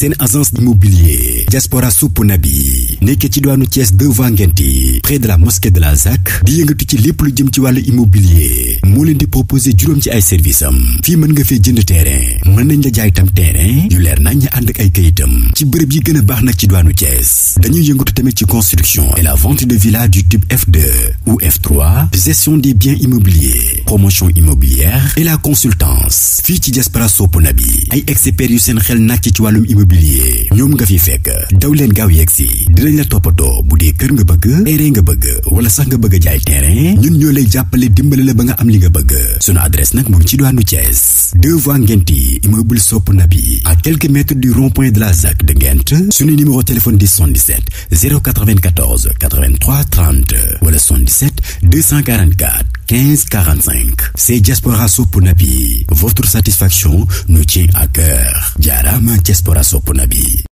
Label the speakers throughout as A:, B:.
A: seen agence immobilier diaspora suppuna bi nekk ci diwaanu Thiès devant Ngenti près de la mosquée de la ZAC di yëngatu ci lépp lu jëm ci wàllu immobilier moo leen di proposer juróom ci ay services am fii mën nga fee jënd terrain mën nañ la jaay terrain yu leer nañ ñu ànd ak ay kayitam ci bërëb yi gën a baax nag ci diwaanu Thiès dañuy yëngatu tamit ci construction et la vente de villas du type F2 ou F3 gestion des biens immobiliers promotion immobilière et la fii ci diaspora suppuna bi ay experts seen xel nàcc ci wàllum immobilier immobilier ñoom nga fi fekk daw leen gaaw yegg si dinañ la toppatoo bu dee kër nga bëgg terrain nga bëgg wala sax nga bëgg jaay terrain ñun ñoo lay jàppale dimbale la ba nga am li nga bëgg sunu adresse nag mu ngi ci doonu Thiès deux voies Ngenti immeuble Sopp Nabi à quelques mètres du rond-point de la ZAC de Ngent suñu numéro téléphone di 77 094 83 30 wala 77 244 15 45 c'est Diaspora Sopp Nabi votre satisfaction nous tient à cœur jaaraama Diaspora Sopp sopp nabi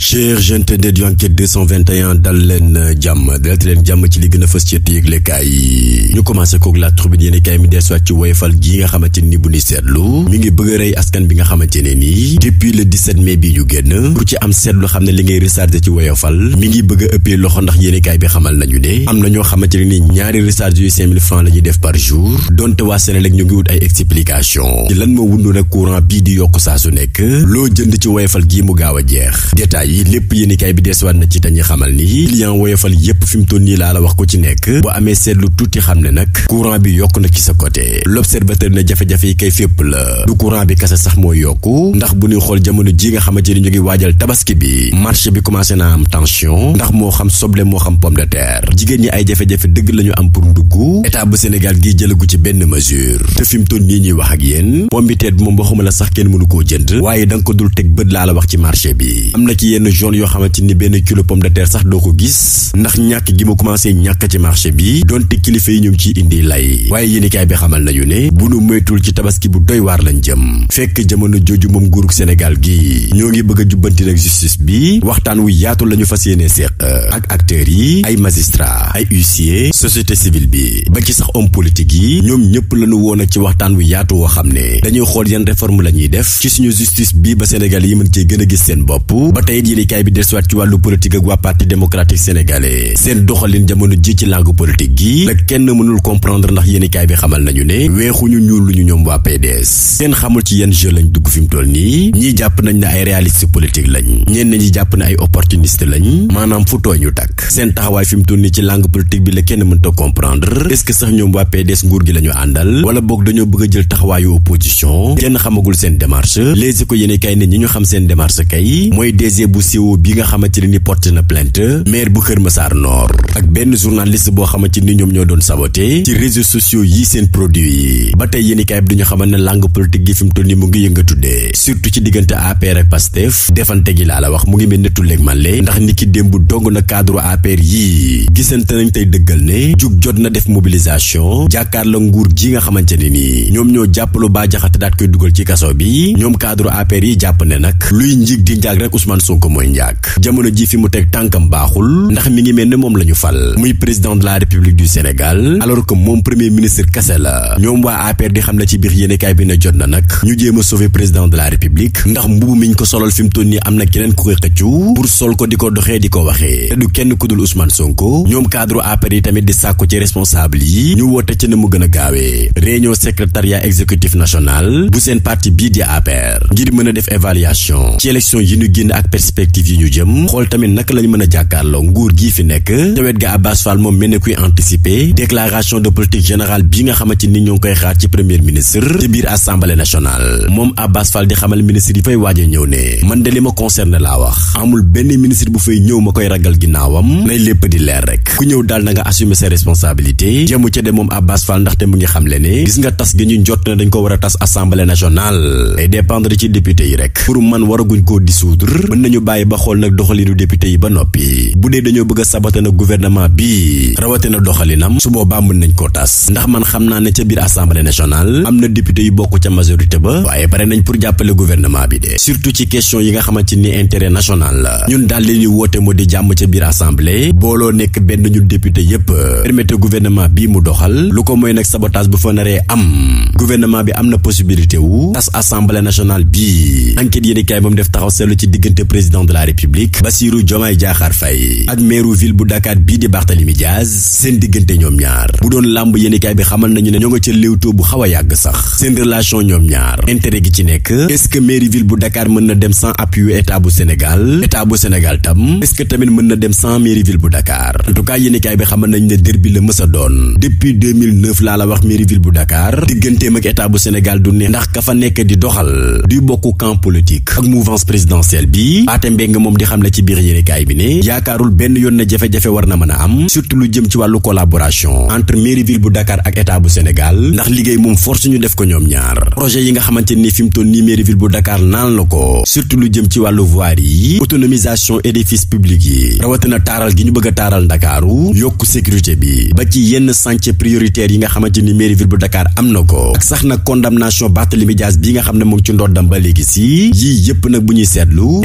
A: cher gentede yu enquête 221 dal leen euh, jàmm dalati leen jàmm ci li gën a fës ci yëglekaay yi ñu commencé kook la tribune yéenekaay mi deesuwaat ci woyofal gi nga xamante ni bu ñu seetlu mi ngi bëgg a rey askan bi nga xamante ne nii depuis le 17 mai bi ñu génn ku ci am seetlu xam ne li ngay rechargé ci woyofal mi ngi bëgg a ëppee loxo ndax yéenekaay bi xamal nañu ne am na ñoo xamante ne ni ñaari recharge yu 5000 francs la ñuy def par jour donte waa Senelec ñu ngi lan moo wundu nag courant bii di yokk saa su nekk loo jënd ci woyofal gii mu gaaw a jeex détail yi lépp yéenekaay bi deesuwaat na ci dañuy xamal ni client woyofal yépp fi mu toll nii laa la wax ko ci nekk bu amee seetlu tuuti xam ne nag courant bi yokk na ci sa côté l'observateur ne jafe-jafe yi kay fépp la du courant bi kase sax moo yokku ndax bu nuy xool jamono ji nga xamante ni ñu ngi waajal tabaski bi marché bi commencé naa am tension ndax moo xam soble moo xam pomme de terre jigéen ñi ay jafe-jafe dëgg lañu am pour ndugg état bu Sénégal gi jëlagu ci benn mesure te fi mu toll nii ñuy wax ak yéen pomme de terre bi moom waxuma la sax kenn mënu koo jënd waaye da dul teg bët laa la wax ci marché bi yenn zone yoo xamante ni benn kilo pomme de terre sax doo ko gis ndax ñàkk gi ma commencé ñàkk ci marché bi donte kilifa yi ñu ngi ciy indi lay waaye yéenekaay bi xamal nañu ne bu nu moytul ci tabaski bu doy waar lañ jëm fekk jamono jooju moom nguurug Sénégal gi ñoo ngi bëgg a jubbanti nag justice bi waxtaan wu yaatu lañu ñu fas yéene seq ak acteurs yi ay magistrat ay huissier société civile bi ba ci sax homme politique yi ñoom ñëpp lañu woon ak ci waxtaan wu yaatu woo xam ne dañuy xool yan réforme la ñuy def ci suñu justice bi ba Sénégal yi mën cee gën a gis seen bopp yéenekaay bi dellusiwaat ci wàllu politique ak waa parti démocratique sénégalais seen doxalin jamono ji ci langue politique gi la kenn mënul comprendre ndax yéenekaay bi xamal nañu ne weexuñu ñuul luñu ñoom waa PDS seen xamul ci yenn jeu lañ dugg fi mu toll nii ñii jàpp nañ ne ay réaliste politique lañ ñenn ñi jàpp ne ay opportuniste lañ maanaam fu tooy ñu takk seen taxawaay fi mu toll nii ci langue politique bi la kenn mënta comprendre est-ce que sax ñoom waa PDS nguur gi la ñu àndal wala boog dañoo bëgg a jël taxawaayu opposition kenn xamagul seen démarche les ko yéenekaay ne ñi ñu xam seen démarche kay mooy DG bu bu siiw bi nga xamante ne ni porté na plainte maire bu Kër Massar Nord ak benn journaliste boo xamante ni ñoom ñoo doon saboté ci réseaux sociaux yi seen produit yi ba tey yéen bi duñu xamal nii mu ngi yëngatuddee surtout ci diggante APR ak PASTEF defante gi laa la wax mu ngi mel ne tulleeg man ndax nit ki démb dong na cadre APR yii gisante nañ tey dëggal ne jug jot na def mobilisation jàkkaar la nguur gi nga xamante ne nii ñoom ñoo yi jàpp ne nag luy njig di njaag ko mooy njaag jamono ji fi mu teg tànkam baaxul ndax mi ngi mel ne moom la fal muy président de la république du Sénégal alors que moom premier ministre kase la ñoom waa APR di xam ne ci biir yéenekaay bi ne jot na nag ñu jéem a président de la république ndax mbubu miñ ko solol fi mu toll am na keneen ku koy xëccu pour sol ko di ko doxee di ko waxee te du kenn ku dul Sonko ñoom cadre APR yi tamit di sàkku ci responsable yi ñu woote a perspective yi ñu jëm xool tamit naka lañ mën a jàkkaarloo nguur gii fi nekk ca wet ga Abbas Fall moom mel ne kuy anticiper déclaration de politique générale bi nga xamante ni ñoo ngi koy xaar ci premier ministre ci biir assemblée nationale moom Abbas Fall di xamal ministre yi fay waaj a ñëw ne man de li ma concerné laa wax amul benn ministre bu fay ñëw ma koy ragal ginnaawam nay lépp di leer rek ku ñëw daal na nga assumer ses responsabilités jëmu ca de moom Abbas Fall ndaxte mu ngi xamle gis nga tas gi jot ne ko war a tas assemblée nationale ay dépendre ci député yi rek pour man waraguñ koo dissoudre mën ñu bàyyi ba xool nag doxalinu député yi ba noppi bu dee dañoo bëgg a saboté nag gouvernement bi rawatina doxalinam su boobaa mën nañ koo tas ndax man xam naa ne ca biir assemblée nationale am na député yu bokk ca majorité ba waaye pare nañ pour jàppale gouvernement bi de surtout ci question yi nga xamante ni intérêt national la ñun daal li ñuy woote moo di jàmm ca biir assemblée booloo nekk benn ñu député yépp permettre gouvernement bii mu doxal lu ko mooy nag sabotage bu fa naree am gouvernement bi am na possibilité wu tas assemblée nationale bi enquête yéeni kaay moom def taxaw seetlu ci diggante président président de la république Bassirou Diomaye Diakhar Faye ak meeru ville bu Dakar bii di Barthélemy Diaz seen diggante ñoom ñaar bu doon làmb yéenekaay bi xamal nañu ne ñoo nga ca léewtoo bu xaw a yàgg sax seen relation ñoom ñaar intérêt gi ci nekk est-ce que bu Dakar mën na dem sans appui yu état bu Sénégal état bu Sénégal tam est-ce que tamit mën na dem sans mairie ville bu Dakar en tout cas yéenekaay bi xamal nañu ne derby la mës a doon depuis 2009 laa la wax mairie ville bu Dakar digganteem ak état bu Sénégal du ne ndax ka fa nekk di doxal duy bokku camp politique ak mouvance présidentielle Pathé Mbeng moom di xam la ci biir kaay bi ne yaakaarul benn yoon na jafe-jafe war na mën a am surtout lu jëm ci wàllu collaboration entre mairie ville bu Dakar ak état bu senegal ndax liggéey moom force ñu def ko ñoom ñaar projet yi nga xamante ni fi mu toll nii mairie ville bu Dakar naan la ko surtout lu jëm ci wàllu voirie yi autonomisation édifice public yi rawatina taaral gi ñu bëgg a taaral Ndakaaru yokk sécurité bi ba ci yenn sanc prioritaire yi nga xamante ni mairie ville bu Dakar am na ko ak sax nag condamnation Barthélémy Dias bi nga xam ne moom ci ndoddam ba léegi si yii yëpp nag bu ñuy seetlu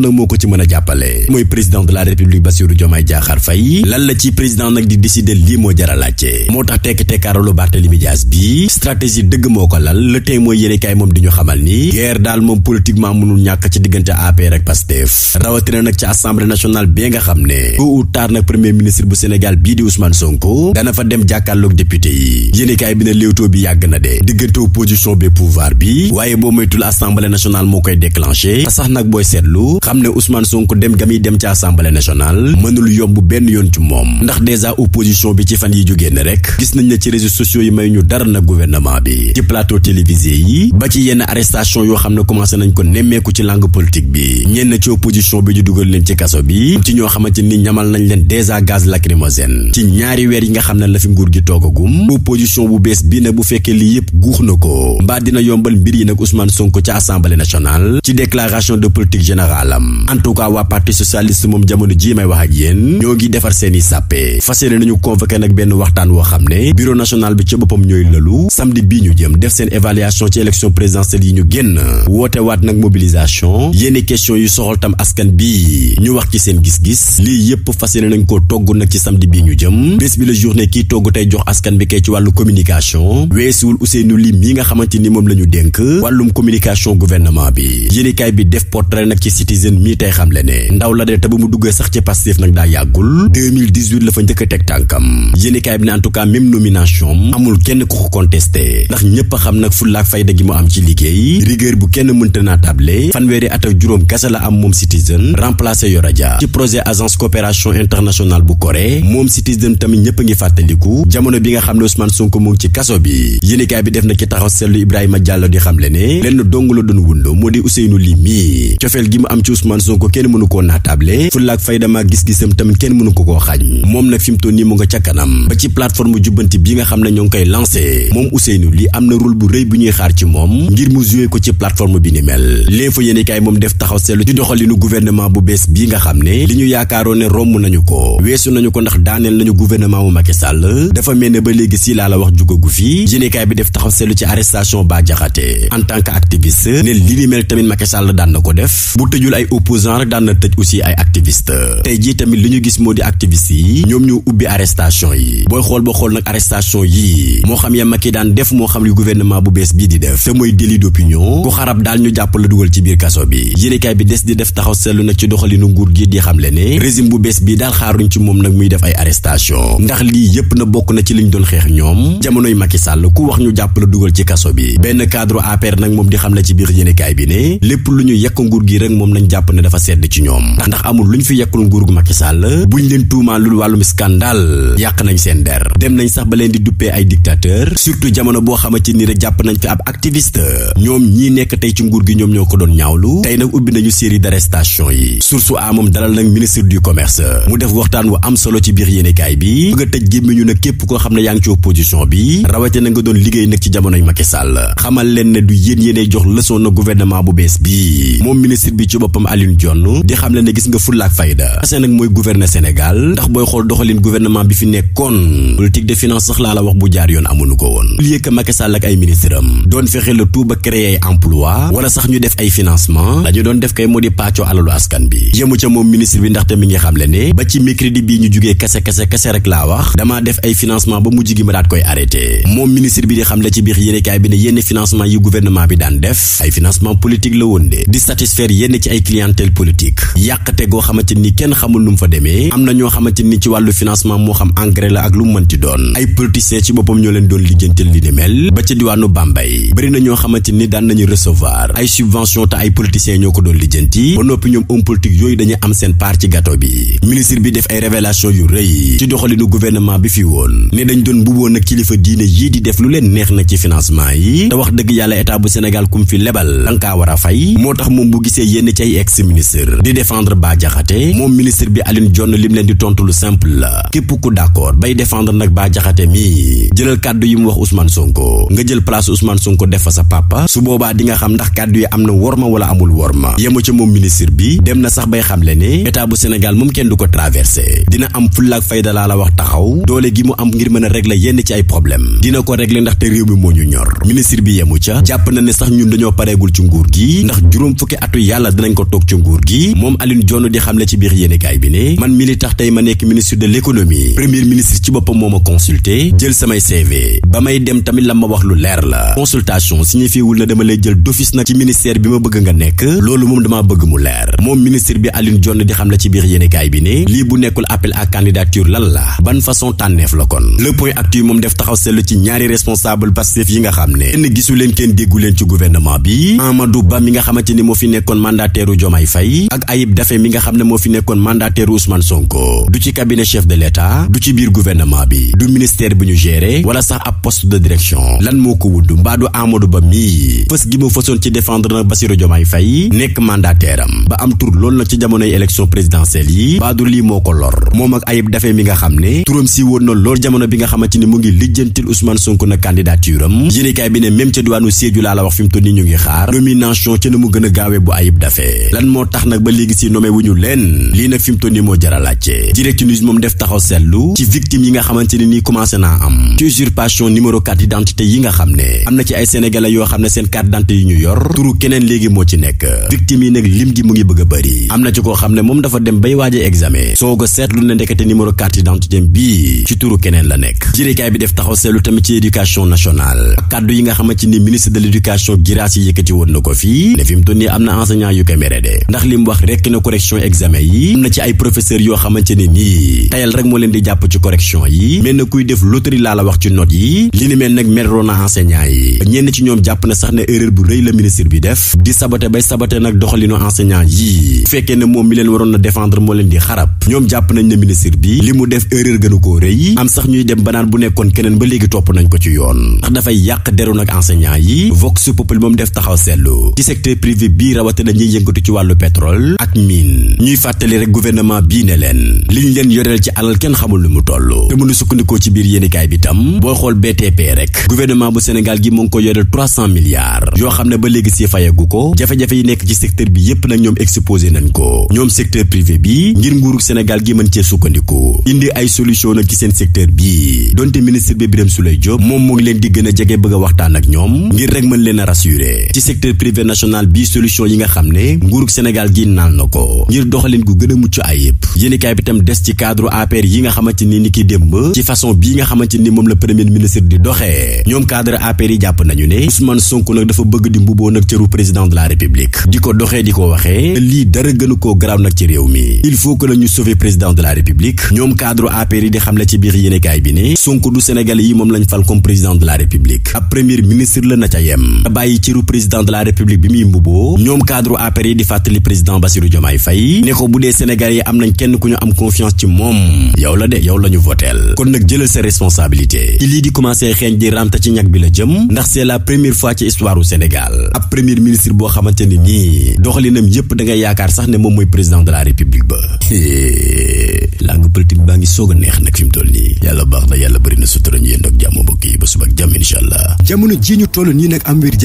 A: dong nag ko ci a jàppale mooy président de la république Bassirou Diomaye Diakhar Faye lan la ci président nag di décider lii moo jar a laajte moo tax tekk-tekkaaralu Barthélémy Dias bi stratégie dëgg moo ko lal le tey mooy yéenekaay moom di ñu xamal ni guerre daal moom politiquement mënul ñàkk ci diggante APR ak PASTEF rawatina nag ci assemblée nationale bee nga xam ne tôt ou tard nag premier ministre bu Sénégal bii di Ousmane Sonko dana fa dem jàkkaarloog député yi yéenekaay bi ne léewtoo bi yàgg na de diggante opposition bi pouvoir bi waaye boo moytul assemblée nationale moo koy déclenché sax nag booy seetlu xam ne Ousmane Sonko dem ga muy dem ci assemblée nationale mënul yomb benn yoon ci moom ndax déjà opposition bi ci fan yi jógee ne rek gis nañ ne ci réseaux sociaux yi may ñu dara na gouvernement bi ci plateau télévisé yi ba ci yenn arrestation yoo xam ne commencé nañ ko nemmeeku ci langue politique bi ñenn ci opposition bi ñu dugal leen ci kaso bi ci ñoo xamante ni ñamal nañ leen déjà gaz lacrymogène ci ñaari weer yi nga xam ne la fi nguur gi toogagum opposition bu bees bii nag bu fekkee lii yëpp guux na ko mbaa dina yombal mbir yi nag Ousmane Sonko ci assemblée nationale ci déclaration de politique générale xelam en tout cas waa parti socialiste moom jamono ji may wax ak yéen ñoo ngi defar seeni sàppe fas yéene nañu convoqué nag benn waxtaan woo xam ne bureau national bi ci boppam ñooy lëlu samedi bii ñu jëm def seen évaluation ci élection présidentielle yi ñu génn woote waat nag mobilisation yenn question yi soxal tam askan bi ñu wax ci seen gis-gis lii yépp fas yéene nañ koo togg nag ci samedi bii ñu jëm bés bi la journée kii togg tey jox askan bi kay ci wàllu communication weesuwul Ousseynou Ly mi nga xamante ni moom la ñu dénk wàllum communication gouvernement bi bi def portrait nag ci Sène mii tey xamle ne ndaw la de te ba mu duggee sax ci Pastef nag daa yàggul 2018 la fa njëkk a teg tànkam yéenekaay bi ne en tout cas même nomination amul kenn ku ko contesté ndax ñépp a xam nag fullaak fayda gi mu am ci liggéey rigueur bu kenn mënta naa table fanweeri at ak juróom kese la am moom Citizen remplacé Yoro Dia ci projet agence coopération internationale bu Corée moom Citizen tamit ñépp ngi fàttaliku jamono bi nga xam ne Ousmane Sonko mu ngi ci kaso bi yéenekaay na ci taxaw seetlu Ibrahima Diallo di xamle ne lenn dong la doon wund moo di Ousseynou Ly ci Ousmane Sonko kenn mënu koo naatable fullaak faydama gis-gisam tamit kenn mënu ko koo xañ moom nag fi mu toll nii mu nga ca kanam ba ci plateforme jubbanti bi nga xam ne ñoo ngi koy lancé moom Ousseynou li am na rôle bu rëy bu ñuy xaar ci moom ngir mu joué ko ci plateforme bi ni mel l'info yéenekaay moom def taxaw seetlu ci doxalinu guvernement bu bees bi nga xam ne li ñu yaakaaroon ne romb nañu ko weesu nañu ko ndax daaneel nañu guvernement mu Macky Sall dafa mel ne ba léegi si laa la wax jugagu fi yéenekaay bi def taxaw seetlu ci arrestation Bah Diakhaté en tant que activiste ne li ni mel tamit daan na ko def tëjul ay opposant rek daan na tëj aussi ay activiste tey jii tamit li ñu gis moo di activiste yi ñoom ñoo ubbi arrestation yi booy xool ba xool nag arrestation yii moo xam ya yi daan def moo xam li gouvernement bu bees bii di def te mooy délit d'opinion ku xarab daal ñu jàpp la dugal ci biir kaso bi yéenekaay bi des di def taxaw seetlu nag ci doxalinu nguur gi di xamle ne régime bu bees bii daal xaaruñ ci moom nag muy def ay arrestation ndax lii yépp na bokk na ci ñu doon xeex ñoom jamonoy Macky Sall ku wax ñu jàpp la dugal ci kaso bi benn cadre APR nag moom di xamle ci biir yéenekaay bi ne lépp gi rek moom jàpp na dafa sedd ci ñoom ndax amul lu ñu fi yekkul nguur gu Macky Sall buñ leen tuumaan lul wàllum scandale yàq nañ seen der dem nañ sax ba leen di duppee ay dictateur surtout jamono boo xamante ni rek jàpp nañ fi ab activiste ñoom ñii nekk tey ci nguur gi ñoom ñoo ko doon ñaawlu tey nag ubbi nañu série d'arrestation yi sursu amoom dalal nag ministre du commerce mu def waxtaan wu am solo ci biir yéenekaay bi bëgg a tëj gémmiñu nag képp koo xam ne yaa ngi ci opposition bi rawate na nga doon liggéey nag ci jamonoy Macky leen ne du yéen yéenee jox leçon na gouvernement bu bees bi moom ministre bi boppam Alioune Dione di xamle ne gis nga fulla ak fayda Assane nag ndax booy xool doxalin gouvernement bi fi nekkoon politique de finance sax la wax bu jaar yoon amuñu ko woon lieu que Macky Sall ak ay ministre am doon fexe la tout ba créer emploi wala ñu def ay financement dañu doon def kay moo di pàccoo alalu askan bi moom ministre bi ndaxte mi ngi xamle ne ba ci microcrédit bii ñu jugee kase kase kase laa wax damaa def financement ba mujj gi ma daat koy arrêté moom ministre bi di xamle ci biir yéenekaay bi ne yenn financement yi gouvernement bi daan def ay financement politique la woon de di satisfaire yenn ci ay di clientèle politique yàqate goo xamante ni kenn xamul nu mu fa demee am na ñoo xamante ni ci wàllu financement moo xam engrais la ak lu mu mën ci doon ay politiciens ci boppam ñoo leen doon lijjantal li ni mel ba ca diwaanu Bambey bëri na ñoo xamante ni daan nañu recevoir ay subvention te ay politiciens ñoo ko doon lijjanti ba noppi ñoom homme politique yooyu dañu am seen part ci gâteau bi ministre bi def ay révélation yu rëy ci doxalinu gouvernement bi fi woon ne dañ doon buboon ak kilifa diine yii di def lu leen neex na ci dëgg yàlla état bu Sénégal kum ay ex ministre di défendre Bah Diakhaté moom ministre bi Alioune Dione lim leen di tontu lu simple la képp ku d'accord bay défendre nag Bah Diakhaté mi jëlal kàddu yi mu wax Ousmane Sonko nga jël place Ousmane Sonko def fa sa papa su boobaa di nga xam ndax kàddu yi am na worma wala amul worma yemu ca moom ministre bi dem na sax bay xam xamle ne état bu Sénégal moom kenn du ko traversé dina am fullaak fayda la wax taxaw doole gi mu am ngir mën a régler yenn ci ay problème dina ko régler ndaxte réew moo ñu ñor ministre sax ñun dañoo ci nguur gi ko toog ci nguur gi moom Alioune Dione di xamle ci biir yéenekaay bi ne man mi li tax tey ma nekk ministre de l'économie premier ministre ci boppam moo ma consulté jël samay CV ba may dem tamit la ma wax lu leer la consultation signifié wul na dama lay jël d'office nag ci ministère bi ma bëgg nga nekk loolu moom damaa bëgg mu leer moom ministre bi Alioune Dione di xamle ci biir yéenekaay bi ne lii bu nekkul appel à candidature lan la ban façon tànneef Bassirou Diomaye Faye ak Ayib Daffé mi nga xam ne moo fi nekkoon mandataire Ousmane Sonko du ci cabinet chef de l'État du ci biir gouvernement bi du ministère bi ñu géré wala sax ab poste de direction lan moo ko wudd mbaadu Amadou Ba mii fës gi mu fësoon ci défendre na Bassirou Diomaye Faye nekk mandataire ba am tur loolu nag ci jamonoy élection présidentielle yi mbaadu lii moo ko lor moom ak Ayib Daffé mi nga xam ne turam si woon na lool jamono bi nga xamante la wax fi mu toll nii ñu ngi xaar nomination ci na mu gën a lan moo tax nag ba léegi si nommé wu ñu leen lii nag fi mu toll nii moo jar a laajte direct news moom def taxaw seetlu ci nii commencé naa am ci usurpation numéro carte d'identité nga xam ne am na ci ay sénégalais yoo xam ne seen carte d'identité yi ñu yor turu keneen léegi moo ci nekk victime yi nag lim gi mu ngi bëgg am na ci xam ne moom dafa dem bay waaje examen soo ko seetlu ne ndekete numéro carte d'identité bii ci turu keneen la nekk jirekaay bi def taxaw seetlu tamit ci éducation nationale ak kàddu yi nga xamante ni ministre de l'éducation Guirassy yëkkati woon na ko fii ne fi mu toll am na enseignant yu kam berede ndax li mu wax rekk na correction examen yi am na ci ay professeur yoo xamante ne nii tayal rek moo leen di jàpp ci correction yi mel na kuy def loterie laa la wax ci note yi li ni mel nag merloo na enseignant yi ñenn ci ñoom jàpp na sax ne erreur bu rëy la ministre bi def di sabote bay sabote nag doxalinu enseignant yi fekkee ne moom mi leen waroon na défendre moo leen di xarab ñoom jàpp nañ ne ministre bi li mu def erreur gënu koo rëy am ko ci yoon ndax yi vox populi moom def taxaw seetlu ci secteur privé bii rawatina yëngatu ci wàllu pétrole ak mine ñuy fàttali rek gouvernement bii ne leen li ñu leen yoreel ci alal kenn xamul lu mu toll te mënu sukkandikoo ci biir yéenikaay bi itam booy xool BTP rek gouvernement bu Sénégal gi mu ngi ko yoreel 300 milliards yoo xam ne ba léegi si fayagu ko jafe-jafe yi nekk ci secteur bi yépp nag ñoom exposé nañ ko ñoom secteur privé bi ngir nguuru Sénégal gi mën cee sukkandiku indi ay solution nag ci seen secteur bii donte ministre bi Birame Souleye Diop moom moo leen di gën a jege bëgg waxtaan ak ñoom ngir rek mën leen a rassurer ci secteur privé national bi solution yi nga xam ne nguurug Sénégal gi naal na ko ngir doxalin gu gën a mucc ayib yéenekaay bi tam des ci cadre APR yi nga xamante ni ni ki démb ci façon bii nga xamante ni moom la premier ministre di doxee ñoom cadre APR yi jàpp nañu ne Ousmane Sonko nag dafa bëgg di mbuboo nag cëru président de la République di ko doxee di ko waxee lii dara gën ko garaaw nag ci réew mi il faut que nañu sauver président de la République ñoom cadre APR yi di xam la ci biir yéenekaay bi ne Sonko yi moom lañ fal comme la République ab premier ministre la na bàyyi cëru président la République bi muy mbuboo ñoom cadre yi di fàttali président Bassirou Diomaye Faye ne ko bu dee Sénégalais yi am nañ kenn ku ñu am confiance ci moom yow la de yow la ñu kon nag jëlal sa responsabilité ci lii di commencé xeeñ di ràmta ci ñag bi la jëm ndax c'est la première fois ci histoire u Sénégal ab premier ministre boo xamante ne nii doxalinam yépp da ngay yaakaar sax ne moom mooy président de la république ba langue politique baa ngi soog a neex nag fi mu toll nii yàlla baax na yàlla bëri ba suba ak jàmm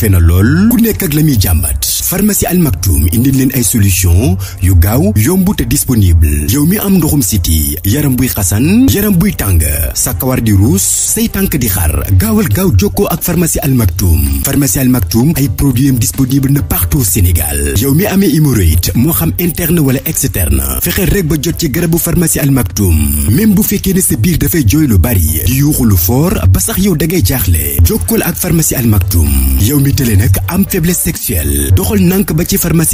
A: la muy jàmbat pharmacie Al Maktoum indil leen ay solution yu gaaw yomb te disponible yow mi am ndoxum siti yaram buy xasan yaram buy tàng sa kawar di ruus say tànk di xar gaawal gaaw jokkoo ak pharmacie Al Maktoum pharmacie Al Maktoum ay produit am disponible na partout Sénégal yow mi amee hémorroïde moo xam interne wala externe fexeel rek ba jot ci garabu pharmacie Al Maktoum même bu fekkee ne sa biir dafay jooy lu bari di yuuxu lu fort ba sax yow da ngay jaaxle jokkool ak farmasi Al Maktoum yow mi tële nag am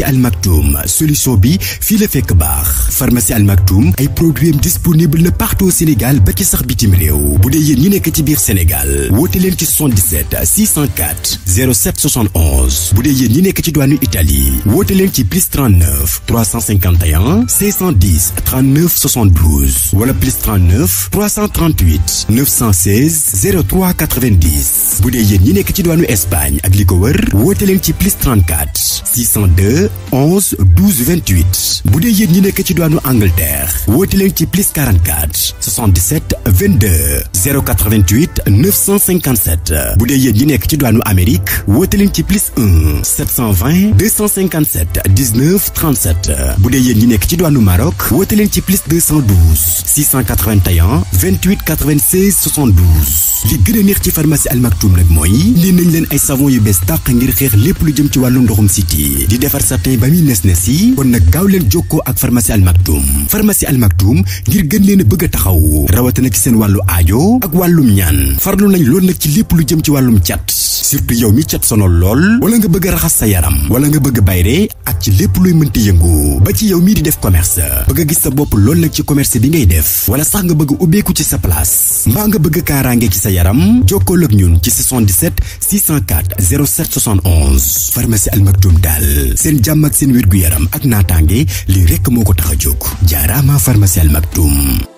A: Al Maktoum solution bi fii la fekk baax pharmacie Al Maktoum ay produits disponible na partout Sénégal ba ci sax bitim réew bu dee yéen ñi nekk ci biir Sénégal woote leen ci 77 604 07 71 bu dee yéen ñi nekk ci douane Italie woote leen ci plus 39 351 610 39 72 wala plus 39 338 916 03 90 bu dee yéen ñi nekk ci douane Espagne ak li ko wër woote leen ci plus 34 602 11 12 28 bu dee yéen ñi nekk ci doonu Angleterre woote leen ci plus 44 77 22 088 957 bu dee yéen ñi nekk ci diwaanu Amérique woote ci plus 1 720 257 19 37 bu dee yéen ñi nekk ci diwaanu Maroc woote leen ci plus 212 681 28 96 72 li gën a neex ci pharmacie Al Maktoum nag mooy ni nañ leen ay savon yu bees tàq ngir xeex lépp lu jëm ci wàllu ndoxum siti di defar sa matin ba muy nes nes yi kon nag gaaw leen jokkoo ak pharmacie Al Maktoum pharmacie Al ngir gën leen a bëgg a taxaw rawatina ci seen wàllu aajo ak wàllum ñaan farlu nañ lool nag ci lépp lu jëm ci wàllum cat surtout yow mi cat sonal lool wala nga bëgg a raxas sa yaram wala nga bëgg bayre ak ci lépp luy mënti yëngu ba ci yow mii di def commerce bëgg a gis sa bopp lool nag ci commerce bi ngay def wala sax nga bëgg ubbeeku ci sa place mbaa nga bëgg kaaraange ci sa yaram jokkool ak ñun ci 77 604 07 71 pharmacie Al Maktoum daal seen jàmm ak seen wér gu yaram ak naataange lii rekk moo ko tax a jóg jaaraama pharmacie Al Maktoum